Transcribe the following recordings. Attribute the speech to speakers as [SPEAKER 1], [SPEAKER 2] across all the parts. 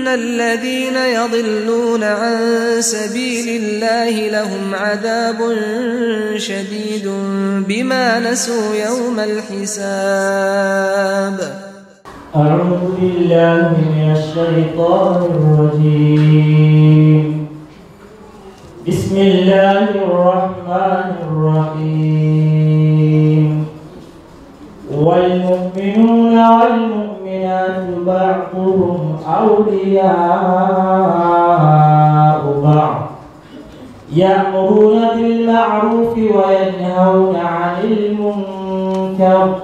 [SPEAKER 1] ان الذين يضلون عن سبيل الله لهم عذاب شديد بما نسوا يوم الحساب اعوذ بالله من الشيطان الرجيم بسم الله الرحمن الرحيم والمؤمنون والمؤمنات بعضهم أولياء بعض يأمرون بالمعروف وينهون عن المنكر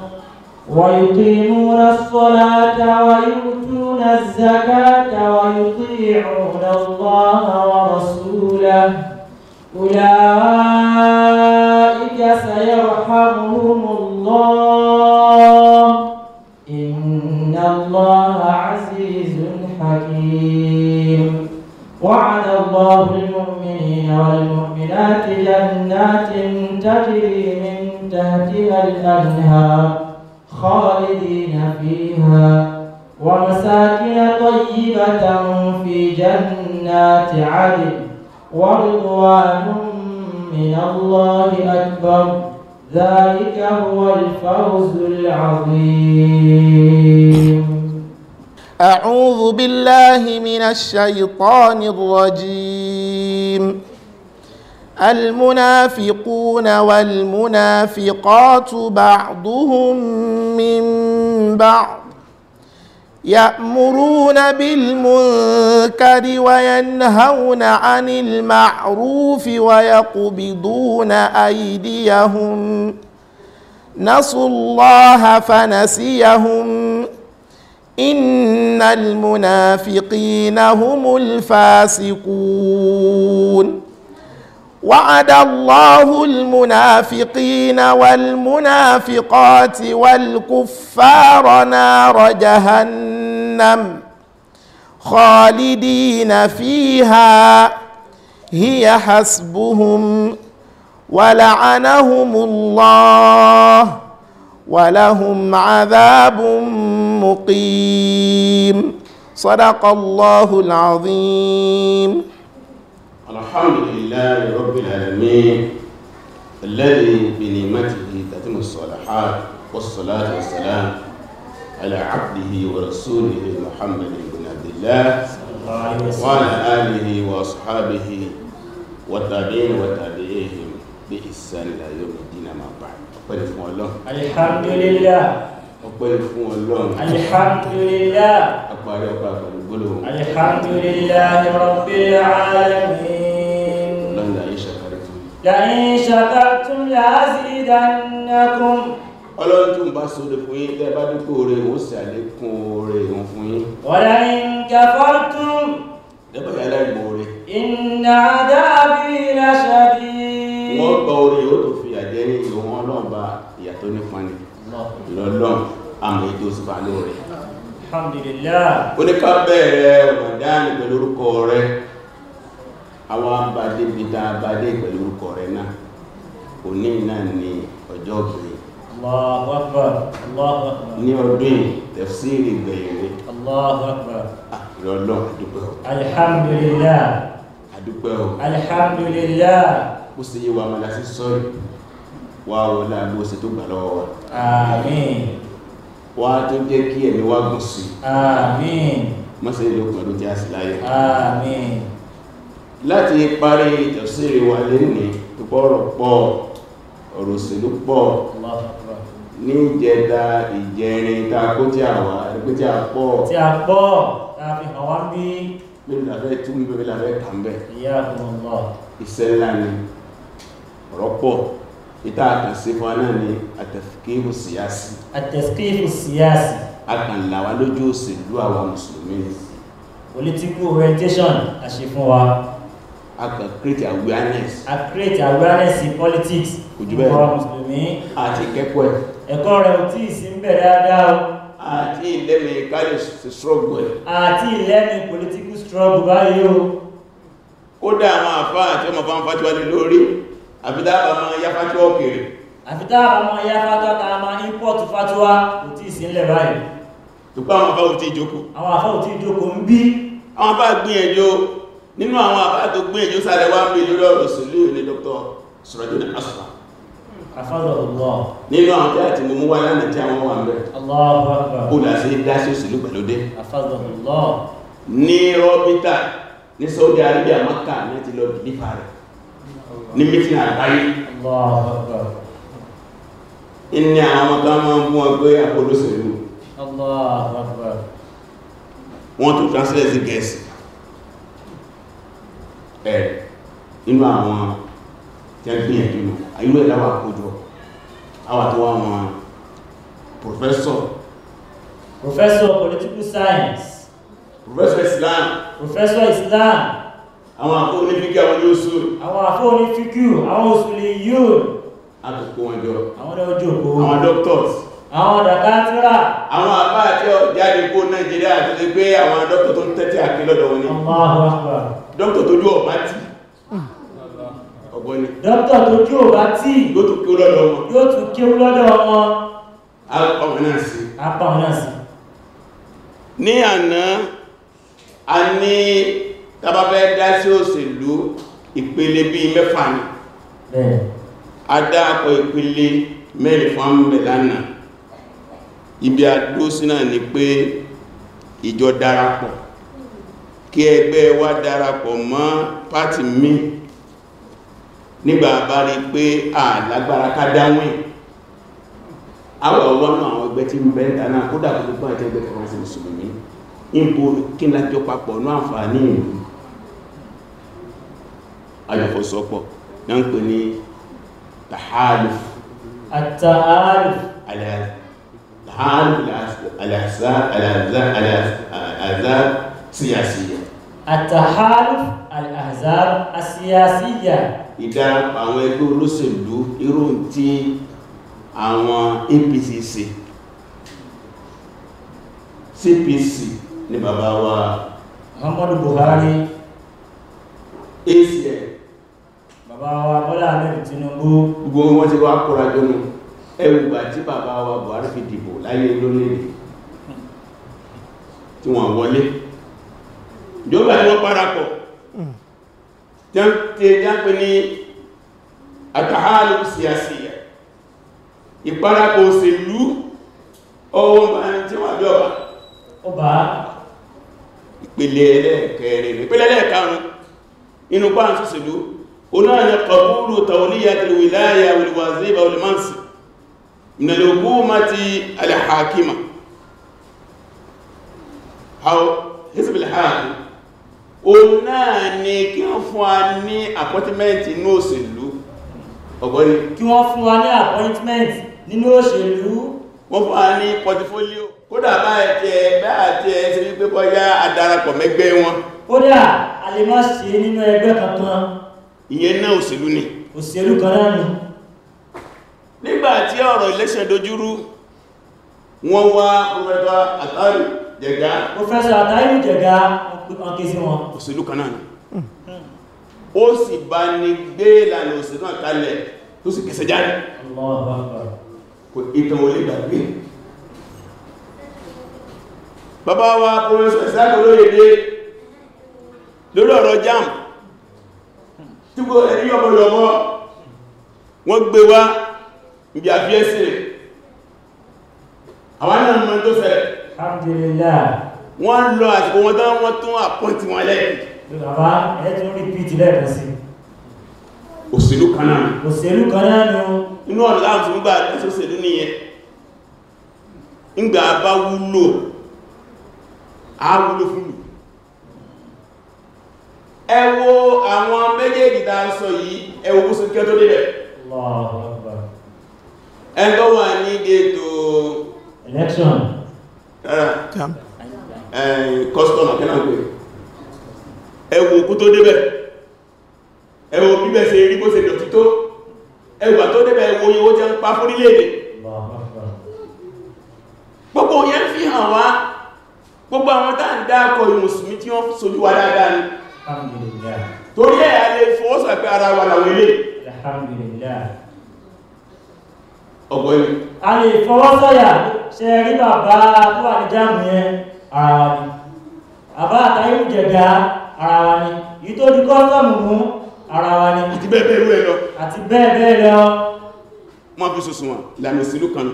[SPEAKER 1] ويقيمون الصلاة ويؤتون الزكاة ويطيعون الله ورسوله أولئك سيرحمهم الله إن الله عزيز حكيم وعد الله المؤمنين والمؤمنات جنات تجري من تحتها الأنهار خالدين فيها ومساكن طيبة في جنات عدن ورضوان من الله أكبر ذلك هو الفوز
[SPEAKER 2] العظيم أعوذ بالله من الشيطان الرجيم المنافقون والمنافقات بعضهم من بعض يامرون بالمنكر وينهون عن المعروف ويقبضون ايديهم نسوا الله فنسيهم ان المنافقين هم الفاسقون وعد الله المنافقين والمنافقات والكفار نار جهنم جهنم خالدين فيها هي حسبهم ولعنهم الله ولهم عذاب مقيم صدق الله العظيم
[SPEAKER 3] الحمد لله رب العالمين الذي بنعمته تتم الصالحات والصلاة والسلام على عبده ورسوله محمد بن عبد الله وعلى آله وأصحابه والتابعين وتابعيهم بإحسان إلى يوم الدين ما بعد ọpẹ́ fún Ọlọ́run alhamdulillah ọpẹ́ fún Ọlọ́run alhamdulillah àpàrí ọpá pẹ̀lú gbólóhùn alhamdulillah rabbil
[SPEAKER 1] alamin
[SPEAKER 3] ọlọ́run la in shakartum
[SPEAKER 1] la in shakartum la azidannakum
[SPEAKER 3] ọlọ́run tún bá sóde fún yín tẹ́ bá dúkò rẹ̀ ó sì àlékún oore òun fún yín wọ́lá
[SPEAKER 1] in kẹfọ́tún
[SPEAKER 3] lẹ́bọ̀ yà láìmọ̀ oore
[SPEAKER 1] iná dábí láṣàdí
[SPEAKER 3] wọ́n gbọ́ oore ó tó fi àjẹ́ ní ìlú wọn lọ́n bá ìyà tó nípa ni lọ́lọ́n àmọ́ ètò òsùpá lóore alhamdulillah ó ní ká bẹ̀rẹ̀ ọ̀mọ̀dáàni pẹ̀lú orúkọ rẹ̀ àwọn abadé bíi tá abadé pẹ̀lú orúkọ rẹ̀ náà òní náà ni ọjọ́
[SPEAKER 1] Allahu Akbar Allahu
[SPEAKER 3] Akbar ní ọdún yìí tafsiri gbẹ̀yìn ni
[SPEAKER 1] Allahu Akbar ah,
[SPEAKER 3] ìrọ̀lọ́ àdúpẹ́ o alhamdulillah àdúpẹ́ o alhamdulillah bó ṣe yíwa mọ́lá sí sọ́rì wà wọlá bó ṣe tó gbà lọ́wọ́ wa àmín wà tó jẹ́ kí ẹ̀mí wá gùn sí àmín mọ́sẹ̀ ilé òkùn ọdún tí a sì láyé àmín láti parí tafsiri wa lónìí tó pọ̀ ọ̀rọ̀ pọ̀ ọ̀rọ̀ òṣèlú pọ̀ Allahu Akbar ní ìjẹta ìjẹrin ta kó tí a wà ẹgbẹ́ tí a pọ̀ tí a pọ̀ ta fi hàn wá ní mẹ́rin làfẹ́ tún ìbẹ̀rẹ̀ làfẹ́ kàmbẹ̀ ìṣẹ́lá ni ọ̀rọ̀pọ̀ ìta àkànṣe fún ni àtẹ̀fíkíhù political
[SPEAKER 1] orientation àṣẹ
[SPEAKER 3] a kàn create awareness. a create awareness in politics. kò jù bẹ́ẹ̀ lọ mùsùlùmí. àti kẹ́kọ̀ọ́ ẹ̀. ẹ̀kọ́ rẹ̀ ò tí ì sí ń bẹ̀ dáadáa àti ìlẹ́nu ìkájọ struggle àti ìlẹ́nu political struggle báyìí o. kódà àwọn àfa àti ọmọ fáwọn fatiwa ní lórí àfitá àbá máa yá fatiwa òkèèrè. àfitá àbá máa
[SPEAKER 1] yá fatiwa tá a máa import fatiwa kò
[SPEAKER 3] tí ì sí ńlẹ̀ báyìí. tó pa àwọn afáwò tí ìjókòó. àwọn afáwò tí ìjókòó ń bí. àwọn afáà gbìyànjú nínú àwọn àbá tó gbé ìjó sáré wá ń bí lórí ọ̀rọ̀ òṣèlú ní Dr. Surajun Asfa nínú àwọn tí a ti mú wá lánàá tí àwọn wà ń bẹ̀ kó lásì dáṣẹ́ òṣèlú pẹ̀lú dé ní rọ́bítà ní Saudi Arabia Maka ní ti lọ nípa rẹ̀ ní mítínà àgbáyé ní àwọn ọmọdé máa ń mú ọgbẹ́ àpolóṣèlú translate sí Gẹ̀ẹ́sì inú àwọn tẹ́gbìyànjú inú ẹ̀ láwà àkójọ àwà tó wà wọn professor
[SPEAKER 1] professor political science
[SPEAKER 3] professor islam professor islam àwọn àfọ́ onífíkí àwọn oṣù àwọn àfọ́ onífíkí àwọn oṣù lè yóò àtòkò wọn àwọn ọjọ́ òkú àwọn doctors àwọn dàkátírà àwọn àbá àti ọjáde kó nàìjíríà tó ti gbé àwọn doctor tó ń tẹ́tẹ́ àkílọ́dọ̀ wọn ni dókítà tó jú ọ̀bá tí ọgbọ́ni dókítà tó jú ọ̀bá tí yóò tún kí lọ́dọ̀ wọn yóò tún kí lọ́dọ̀ wọn apáwọn náà sí apáwọn náà sí ní àná a ní tàbábẹ́ dá sí òṣèlú ìpele bí mẹ́fà ni adáàkọ̀ ìpele mẹ́rin fún àmúbẹ̀ lánàá ibi àdó sí ni pé ìjọ darapọ̀ kí ẹgbẹ́ wa darapọ̀ mọ́ pátì mi nígbà bá rí pé àlágbára ká dáwìn àwọn ọwọ́nà àwọn ẹgbẹ́ tí ń bẹ́ dáná kó dà kó gbọ́n ẹgbẹ́ kan sí mùsùlùmí níbo kí lájọ papọ̀ ní àǹfààní ìlú àjọfọ́sọpọ̀ náà ń pè ní tàhálùf àtàhálùf àlàáhálùf àlàáhálùf àlàáhálùf àlàáhálùf atahaluf al-ahzab asiyasiya. ìdarapọ̀ àwọn ẹgbẹ́ olóṣèlú irú tí àwọn APC ṣe CPC ni bàbá wa
[SPEAKER 1] Muhammadu Buhari
[SPEAKER 3] ACN bàbá wa Bọ́lá Ahmed Tinubu gbogbo wọn ti wá kóra jọnu ẹwùgbà tí bàbá wa Buhari fi dìbò láyé lónìí tí wọ́n wọlé ìjọba hmm. tí wọ́n parapọ̀ tí a pè ní àtàhálù síyàsíyà ìparapọ̀ òṣèlú ọwọ́ tí wọ́n jọba ọba ìpele ẹlẹ́ẹ̀kẹrin ìpele ẹlẹ́ẹ̀karùn inú pàá ṣòṣèlú onáàrẹ kọ̀búrú tàwọlíyà tàwíláyà olùwàzíbà olùmánsì ìnàlógún mati alhakima hau hezbollah òun náà ni kí wọ́n fún wa ní appointment inú òṣèlú ọ̀gbọ́n ni kí wọ́n fún wa ní appointment nínú òṣèlú wọ́n fún wa ní portfolio kódà báyìí tẹ báyìí tẹ ṣe wípé bọ́yá adarapọ̀ mẹ́gbẹ́ wọn kódà a lè má ṣe nínú ẹgbẹ́ kankan ìyẹn náà òṣèlú ni òṣèlú kan náà ni nígbà tí ọ̀rọ̀ election dojúrú wọ́n wá ọmọ ẹgbà àtàrí jẹ̀gá professor àtàrí jẹ̀gá wọn ké sí wọn òṣèlú kan náà hmm. ó sì bá ní gbé ìlànà òṣèlú náà kalẹ̀ tó sì kẹsẹ̀ jáde kò ìtàn olè gbàgbé bàbá wa professor ìsáàkì jam tí kò ẹni ọmọ ìlọ́mọ́ wọ́n gbé wá ibi àfíẹ́sì rẹ̀ àwọn náà tó fẹ́rẹ̀ alhamdulillah wọ́n lọ àsìkò wọn tán wọ́n tún àpọ́ntì wọn lẹ́yìn bàbá ẹ tún rí pìtì lẹ́ẹ̀kan sí òṣèlú kan náà òṣèlú kan náà nù inú ọ̀nà láàrín fún gbà ìṣòṣèlú nìyẹn ìgbà bá wúlò àwúlò fún ẹ wo àwọn méjèèjì tá ń sọ yìí ẹ wo búsù kí ọ tó délẹ̀ ẹgbọ́n wà ní gẹ́ẹ̀tò election kọ́sítọ̀mù akẹ́nàgbé ẹwọ òkú tó débẹ̀ ẹwọ bíbẹ̀ ṣe rí bó ṣe dọ̀tí tó ẹwà tó débẹ̀ ẹwọ yíó jẹ́ ń pa fún orílẹ̀-èdè gbogbo yẹn fi hàn wá gbogbo àwọn tá ń dákọ̀ ìmùsùmí tí wọ́n sojú wa dáadáa ni a lè fọwọ́sọ̀ pé ara wa làwọn ilé
[SPEAKER 1] a ṣe rí bàbá tó wà ní jáàmù yẹn ara wa
[SPEAKER 3] ni bàbá àtàyè jẹ̀dá ara wa ni èyí tó di kọ́ńtọ́mù mú ara wa ni àti bẹ́ẹ̀ bẹ́ẹ̀ rẹ̀ lọ àti bẹ́ẹ̀ bẹ́ẹ̀ lọ wọ́n fi sùsùn wọn ìlànà òṣèlú kan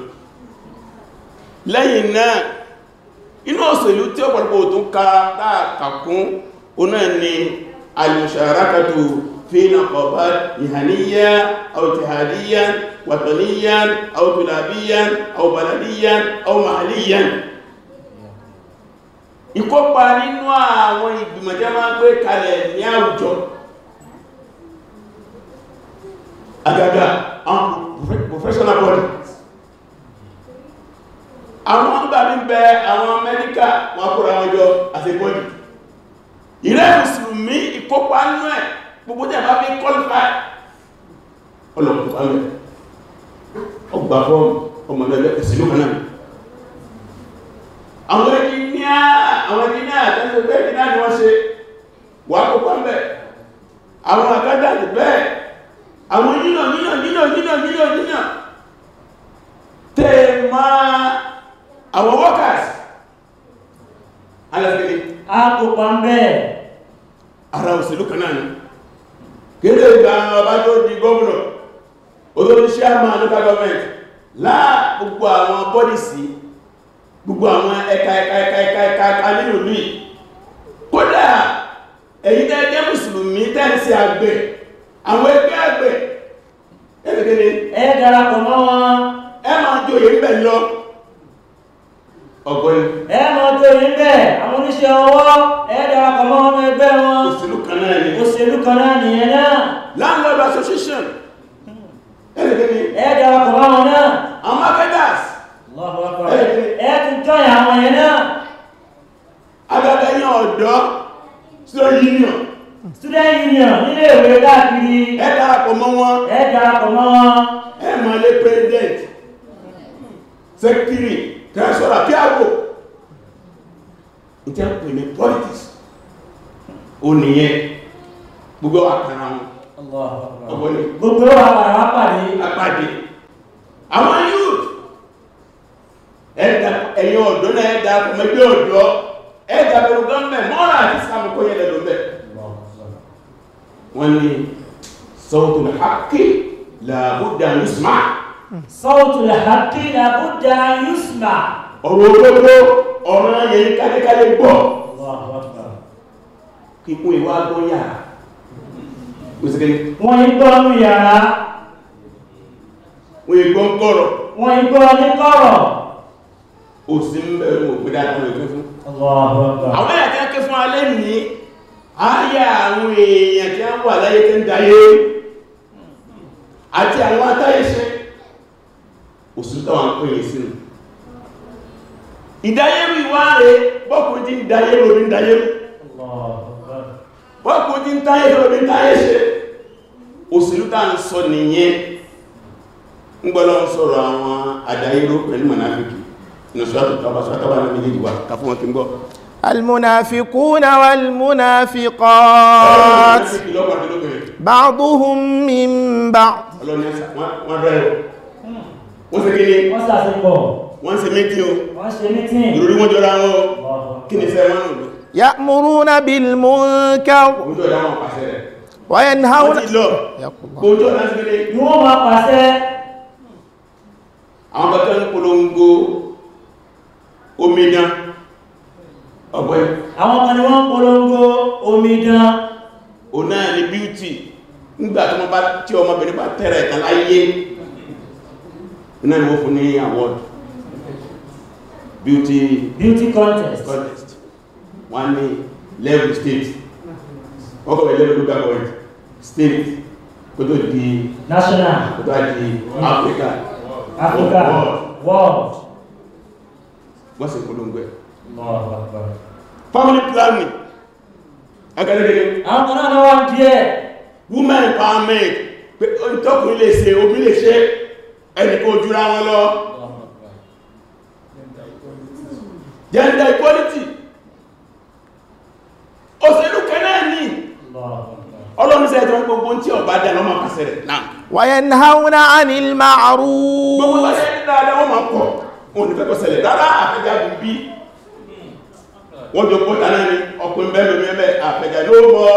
[SPEAKER 3] lẹ́yìn náà inú òṣèlú tí ọ̀pọ̀lọpọ̀ tó ń ká láàkàkún oná ni al-musharakatu fi ìhàníyà aw وطنيا أو كلابيا أو بلديا أو محليا ìkópa nínú àwọn ìgbìmọ̀ tí a máa ń gbé kalẹ̀ ní àwùjọ àgàgà àwọn professional body àwọn ń gbà ní bẹ àwọn amẹ́ríkà wọn kúrò àwọn ọjọ́ àti bọ́dì ìrẹ́ ìkópa nínú ẹ̀ gbogbo tí bá fi qualify ọlọ́pùpá mẹ́rin ọgbà fọ́ọ̀mù ọmọ ẹgbẹ́ ìṣèlú kan náà àwọn ẹnìyà àwọn ẹnìyà àtẹ́sẹ̀gbẹ́ ìdá ni wọ́n ṣe wà púpọ̀ mẹ́ àwọn àkádà lè bẹ́ẹ̀ àwọn nínà nínà nínà nínà nínà nínà tẹ́ máa àwọn workers alẹ́gbẹ̀ẹ́ àpòpọ̀ mẹ́ ara òṣèlú kan náà ni kéde ìgbà ọbájọ́ di gómìnà olórí chairman local government láà gbogbo àwọn bọ́dìsì gbogbo àwọn ẹ̀ka ẹ̀ka ẹ̀ka ẹ̀ka ẹ̀ka ẹ̀ka nínú ìlú yìí kódà èyí tẹ́ẹ̀kẹ́ mùsùlùmí tẹ́ẹ̀sì àgbẹ̀ àwọn ẹgbẹ́ àgbẹ̀ ẹ̀kẹ́kẹ́ni ẹ darapọ̀ mọ́ wọn ẹ máa jòyè ń bẹ̀ lọ ọgbọ́n ẹ máa jòyè ń bẹ̀
[SPEAKER 1] àwọn oníṣẹ́ ọwọ́ ẹ darapọ̀ mọ́ wọn ẹgbẹ́ wọn òṣèlú kan náà ni òṣèlú kan náà nìyẹn
[SPEAKER 3] náà landlord association
[SPEAKER 1] darapọ̀ mọ́ wọn náà.
[SPEAKER 3] àwọn marketers. lọ́wọ́ ọkọ rẹ̀ ẹ ti jọyìn àwọn yẹn náà. agbada yẹn ọ̀dọ́ student union. student union nílé ìwé káàkiri. ẹ darapọ̀ mọ́ wọn. ẹ darapọ̀ mọ́ wọn. ẹ máa lé president secretary treasurer kí àgbò ìtẹ́ ń pè ní politics ó nìyẹn gbogbo àkàrà wọn gbogbo àkàrà wọn pàdé àwọn youth ẹ̀dà ẹ̀yìn ọ̀dọ́ náà ẹ̀dà kọmọdé ọ̀dọ́ ẹ̀dà pẹ̀lú gọ́ọ̀mẹ̀ mọ́ra àti islam kó yẹ lẹ́nu bẹ́ẹ̀ wọ́n ní sọ́ọ̀tún haqqi làbúdà yusma sọ́ọ̀tún haqqi
[SPEAKER 1] làbúdà yusma
[SPEAKER 3] ọ̀rọ̀ olóko ọ̀rọ̀ yẹn kálékálé gbọ́ kíkún ìwà gbọ́ yàrá wọ́n ń gbọ́ yàrá wọ́n igbó ń kọ̀rọ̀ wọ́n igbó ní kọ̀rọ̀ ò sí ń bẹ̀rẹ̀ mọ̀ pé dáadáa wọ́n fún àwọn ẹ̀yà tí a ké fún alẹ́ ní ayà àwọn èèyàn tí a ń wà láyé tí ń dayé àti àwọn atáyé ò sí táwọn ń pèlè sínú ìdáyérú ìwáre bọ́kùn tí ń dáyérú orí ń dáyérú bọ́kùn ń táyé orí ń táyé ṣe òṣèlú ń sọ nìyẹn ń gbọ́lọ́ ń sọ̀rọ̀ àwọn àdáyéró pẹ̀lú mọ̀náfíkì nùsùlátù tọ́bà sọ́tọ́bà náà méjì wà ká fún wọn kí ń gbọ́
[SPEAKER 2] المنافقون والمنافقات بعضهم من بعض wọ́n ṣe
[SPEAKER 3] kí ni wọ́n ṣe mẹ́tí o ìròrí wọ́n jọra wọn kí ni fẹ́ wọ́n lò
[SPEAKER 2] يأمرون بالمنكر وينهون
[SPEAKER 3] àwọn kẹta polongo omida. ọ̀pọ̀ àwọn polongo omida o ni beauty nígbà tí wọ́n bá tí ọmọbìnrin bá tẹ́rẹ̀ ẹ̀kan láyé ni wọ́n fún ní award beauty beauty contest contest wọ́n ní level state level state di national di Africa
[SPEAKER 1] Africa
[SPEAKER 3] world. wọ́n sì polongo ẹ̀. family planning agadegede. àwọn kan náà gonna wọ́n di ẹ̀. women empowerment pé tọkùnrin lè ṣe omi lè ṣe ẹnì kò jura wọn lọ. gender equality òṣèlú kan náà ni ọlọ́run sẹ́yìn tó ń gbogbo tí ọba dà lọ́mọ pàṣẹ rẹ̀ Now.
[SPEAKER 2] وينهون عن المعروف
[SPEAKER 3] wọ́n jọ kó tánà ní ọkùn bẹ́lú mẹ́mẹ́ àfẹ́jà ló mọ́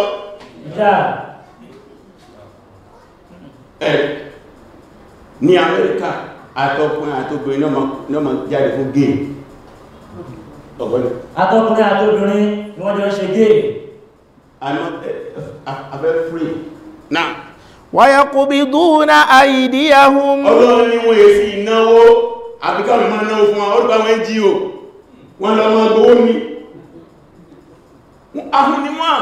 [SPEAKER 3] ẹ̀ ní amẹ́ríkà àtọkùn àtọkùn náà jáde fún gay ọgbọ́nà àtọkùn àtọkùnrin wọ́n jọ ṣe gay àfẹ́ free
[SPEAKER 2] now wàyàkùbìdúnà àìdíyàhùn ọlọ́run ni wọ́n
[SPEAKER 3] yẹ sí ìnáwó àbíkàwẹ̀ máa náwó fún àwọn ọdúbà wọn NGO wọ́n lọ máa gbówó ní ahùnnímọ̀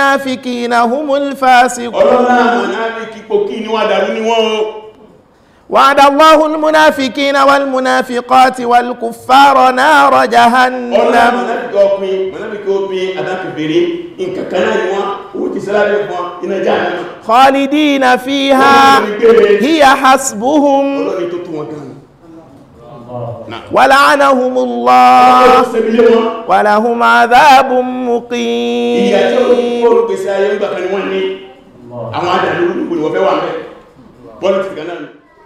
[SPEAKER 2] wọ́n humul fasiqun ọlọ́run àwọn náà ní kíkò kí ni wà dàrú ni wọ́n وعد الله المنافقين والمنافقات والكفار نار جهنم خالدين فيها هي حسبهم ولعنهم الله ولهم عذاب مقيم
[SPEAKER 3] àwọn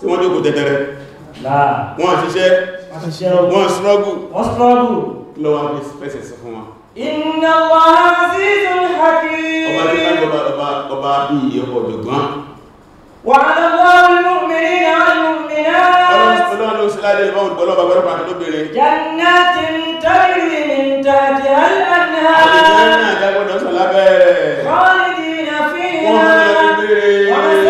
[SPEAKER 3] tí wọ́n jókòó tẹ́tẹ́rẹ́ wọ́n ṣiṣẹ́ wọ́n struggle wọ́n struggle lọ wọ́n fi pẹ́sẹ̀ sọ fún wọn
[SPEAKER 1] inna Allaha azizun hakim ọba tí ká
[SPEAKER 3] jọba ọba ọba bí i ọkọ̀ ọ̀jọ̀gbọ́n
[SPEAKER 1] wà á lọ́wọ́ mu'minina wal mu'minat
[SPEAKER 3] ọlọ́run ló sí láti ẹ̀fọ́ olùgbọ́lọ́ bàbá rẹ̀ pàtó lóbìnrin
[SPEAKER 1] jannatin tajri
[SPEAKER 3] min tahtiha al-anhar àti jẹ́ náà jágbọ́dọ̀ sọ lábẹ́ rẹ̀
[SPEAKER 1] khalidina
[SPEAKER 3] fiha wọ́n mú lọ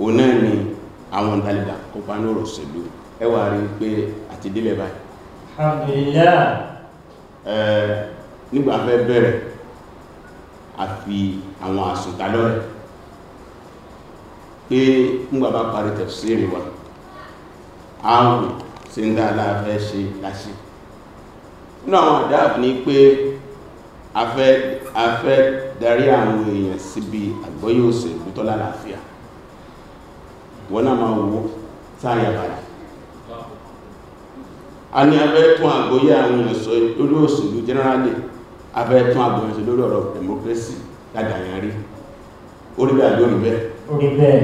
[SPEAKER 3] òun náà ni àwọn Tálíbà kópa ní ọ̀rọ̀ òṣèlú ẹ wà rí pé àti délẹ̀ báyìí
[SPEAKER 1] alhamdulillah
[SPEAKER 3] nígbà fẹ́ bẹ̀rẹ̀ a fi àwọn àsùntà lọ́rẹ̀ pé nígbà bá parí tafsiri wa àwọn sí ń dáadá fẹ́ ṣe láṣí inú àwọn àdáàf ní pé a darí àwọn èèyàn síbi àgbọ́yé òṣèlú tó lálàáfíà wọn náà máa wo sáàyà báyìí a ní abẹ́ tún àgbóyé àwọn ìrìnsọ lórí òṣèlú generally abẹ́ tún àgbóyé sí lórí ọ̀rọ̀ democracy ládàáyàn rí orí bẹ́ẹ̀ lórí bẹ́ẹ̀ orí bẹ́ẹ̀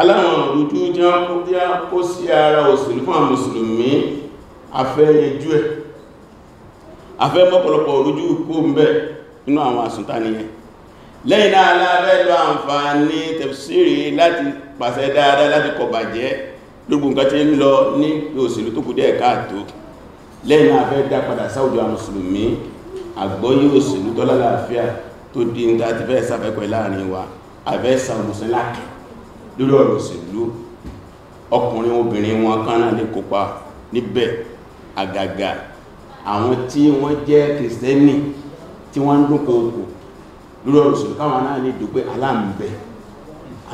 [SPEAKER 3] aláwọn òdúdú jẹ́ kó bí a kó sí ara òṣèlú fún àwọn mùsùlùmí afẹ́ ẹjú ẹ̀ afẹ́ mọ́pọ̀lọpọ̀ òrújú kó ń bẹ́ nínú àwọn àsùntániyẹ lẹ́yìn náà alábẹ́ àǹfààní tẹ̀fsírí láti pàṣẹ dáadáa láti kọ̀ bàjẹ́ gbogbo nǹkan tí ń lọ ní òṣèlú tó kù díẹ̀ káàtó lẹ́yìn náà fẹ́ dá padà sáwùjọ àwọn mùsùlùmí àgbọ́yé òṣèlú tó lálàáfíà tó di ń dáti fẹ́ sàfẹ́kọ̀ẹ́ láàrin wa àfẹ́ sàmùsùn láàkẹ́ lórí ọ̀rọ̀ òṣèlú ọkùnrin obìnrin wọn kan náà lè kópa níbẹ̀ àgàgà àwọn tí wọ́n jẹ́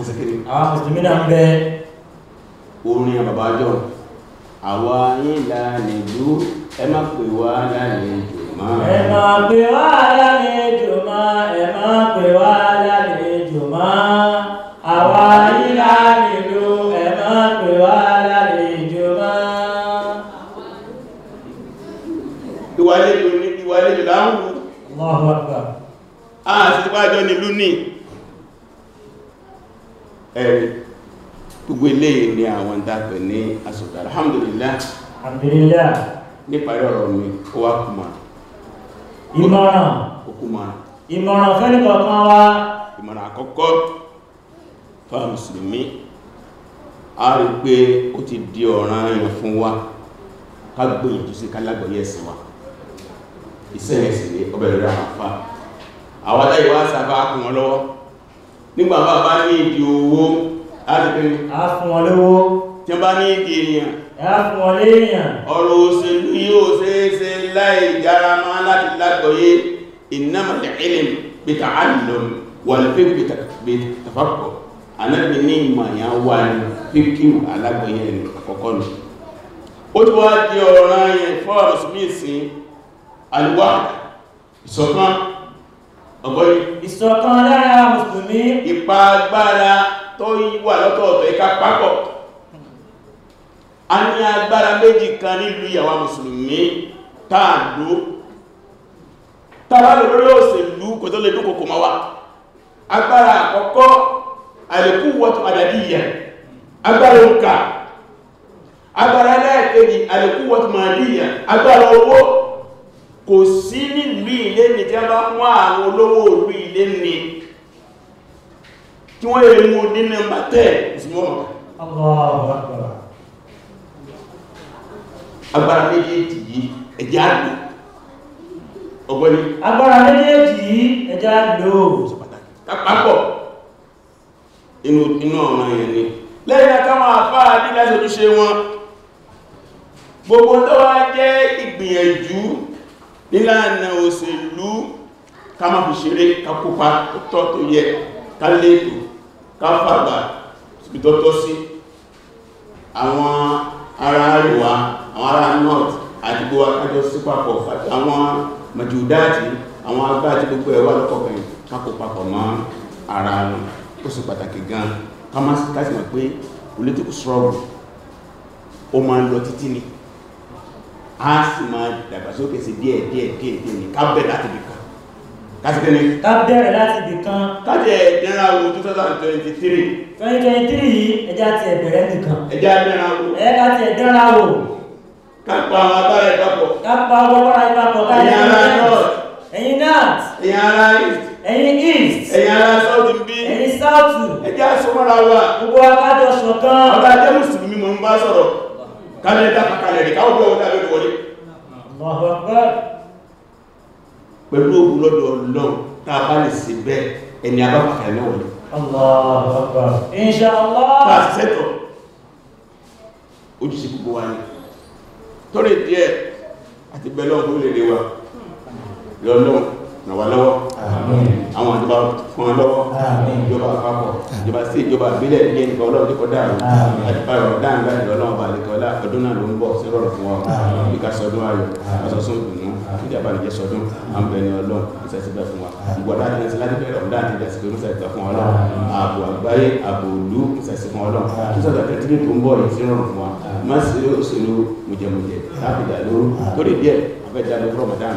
[SPEAKER 3] àṣekèrè àwọn mùsùlùmí náà ń bẹ orin bàbá jọ àwa ìlà nìlú ẹ má pè wá lálẹ́ jùmọ́ ẹ má
[SPEAKER 1] pè wá lálẹ́ jùmọ́ ẹ má pè wá lálẹ́ jùmọ́ àwa ìlà nìlú ẹ má pè wá
[SPEAKER 3] lálẹ́ jùmọ́ ìwà àlejò láwùú àti ìwájọ́ nìlú ní gbogbo eléyìí ni àwọn dápẹ̀ ní asọ̀tà alhamdulillah alhamdulillah níparí ọ̀rọ̀ mi ó wá kùmà ìmọ̀ràn òkùmà ìmọ̀ràn fẹ́lẹ̀ kọ̀ọ̀kan wá ìmọ̀ràn àkọ́kọ́ mùsùlùmí a rí pé ó ti di ọ̀ràn ẹ̀yàn fún wa ká gbìyànjú sí ká wa iṣẹ́ ẹ̀sìn ọbẹ̀ rẹ̀ àfà àwọn adáyíwá sábà lọ́wọ́ nígbà bá bá ní ìdí owó àdìpín a fún wọn lówó tí bá ní ìdí ènìyàn a fún wọn léèyàn ọ̀rọ̀ òṣèlú yóò ṣeéṣe láì yára láti lágbọ́yé innamal ilm bita'allum ọgbọ́n ìṣọ̀kan lára mùsùlùmí ipa agbára tó wà lọ́tọ̀ọ̀tọ̀ ìka pápọ̀ a ní agbára méjì kan nílùú ìyàwó mùsùlùmí tààdó tàbálò lórí òṣèlú kò tó lè dúkò kò máa wá agbára àkọ́kọ́ àìlèkú wọ́tún àdàdíyà agbára òǹkà agbára ẹlẹ́ẹ̀kejì àìlèkú wọ́tún màdíyà agbára owó kò sí nílùú ilé ní tí a bá fún àwọn olówó olú ilé ní tí wọ́n lè mú nínú mẹ́tẹ̀ ìsìnmọ́ agbára méjèèjì yìí ẹjá lò ọgbọ́ni agbára méjèèjì yìí ẹjá lò kápapọ̀ inú ọ̀nà yẹn ni lẹ́yìn àtàwọn àfáà ní láti ojúṣe wọn gbogbo tó wá jẹ́ ìgbìyànjú nílànà òṣèlú ká má fi ṣeré kakópa tọ́ tó yẹ ká lètò ká fàgbà síbítọ́tọ́ sí àwọn ará àríwá àwọn ará north àdìgbò akájọ sí papọ̀ àwọn màjúdáàtì àwọn agbá àti gbogbo ẹ̀wà lọ́kọ̀ọ̀kan kápò papọ̀ mọ́ ara wọn ó sì pàtàkì gan ká má sí ká pé political á sì máa dàgbàsókè sí díẹ̀ díẹ̀ díẹ̀ díẹ̀ ní ká bẹ̀rẹ̀ láti ibì kan kásìkẹ́ ni. ká bẹ̀rẹ̀ láti ibì kan. kájẹ ìdẹ́ra wo two thousand twenty three. twenty twenty three yìí ẹja ti ẹ̀bẹ̀rẹ̀ nìkan.
[SPEAKER 1] ẹja ìdẹ́ra wo. ẹja ti ẹ̀dẹ́ra wo. ká pa àwọn abára ìpapọ̀. ká pa àwọn abára ìpapọ̀ ká yẹ ẹ̀yin north. ẹ̀yin east ẹ̀yin east
[SPEAKER 3] ẹ̀yin south ń bí ẹ̀yin south ẹ̀jẹ̀ àṣọ mọ́ra gbogbo akájọ ṣọ̀kan ọba jẹ́ mùsùlùmí mo ń bá sọ̀rọ̀ kábílẹ̀ tá kàkàlẹ̀ ní káwọ́ bí ọwọ́ dáa lórí wọlé pẹ̀lú ogun lọ́dọ̀ ọlọ́run tá a bá lè ṣe bẹ́ẹ̀ ẹni abáfàkà náà wọlé Allahu Akbar Inshallah pàṣẹ́tọ̀ ojúṣe gbogbo wa ní torí díẹ̀ àti bẹ̀lọ́ ọdún lè ràn wá lọ́wọ́ àwọn ìjọba fún ọ lọ́wọ́ ìjọba àpapọ̀ ìjọba sí ìjọba ìbílẹ̀ ní ẹnìkan ọlọ́run dípọ̀ dáàrú àdìpá ìrọ̀ dáàrú láti lọ lọ́wọ́ balẹ̀kọ́ ọlá ọdún náà ló ń bọ̀ sí rọrùn fún wa bí ká sọdún ayọ̀ ọsọsún ìdùnnú ìjàmbá nìjẹ́ sọdún àǹbẹ̀ni ọlọ́run ìṣẹ́síbẹ̀ fún wa ìgbọ̀dá àti ẹ̀sìn láti bẹ̀rẹ̀ ọ̀dá àti ẹ̀sìn pé mọ́sàgbà fún wa lọ́wọ́ ààbò àgbáyé ààbò òlú ìṣẹ́sí fún wa lọ́wọ́ tó sọ̀tà kẹ́tìrì tó ń bọ̀ yìí sí rọrùn fún wa má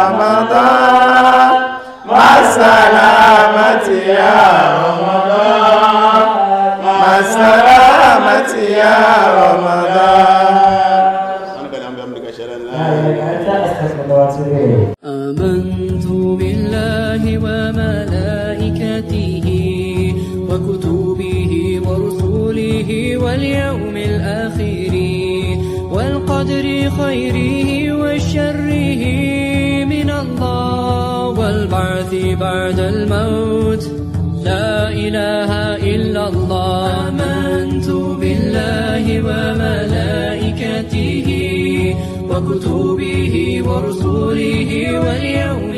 [SPEAKER 2] السلامة يا رمضان
[SPEAKER 1] آمنت بالله وملائكته وكتبه ورسوله واليوم الآخر والقدر خيره وشره من الله والبعث بعد الله وكتبه ورسوله واليوم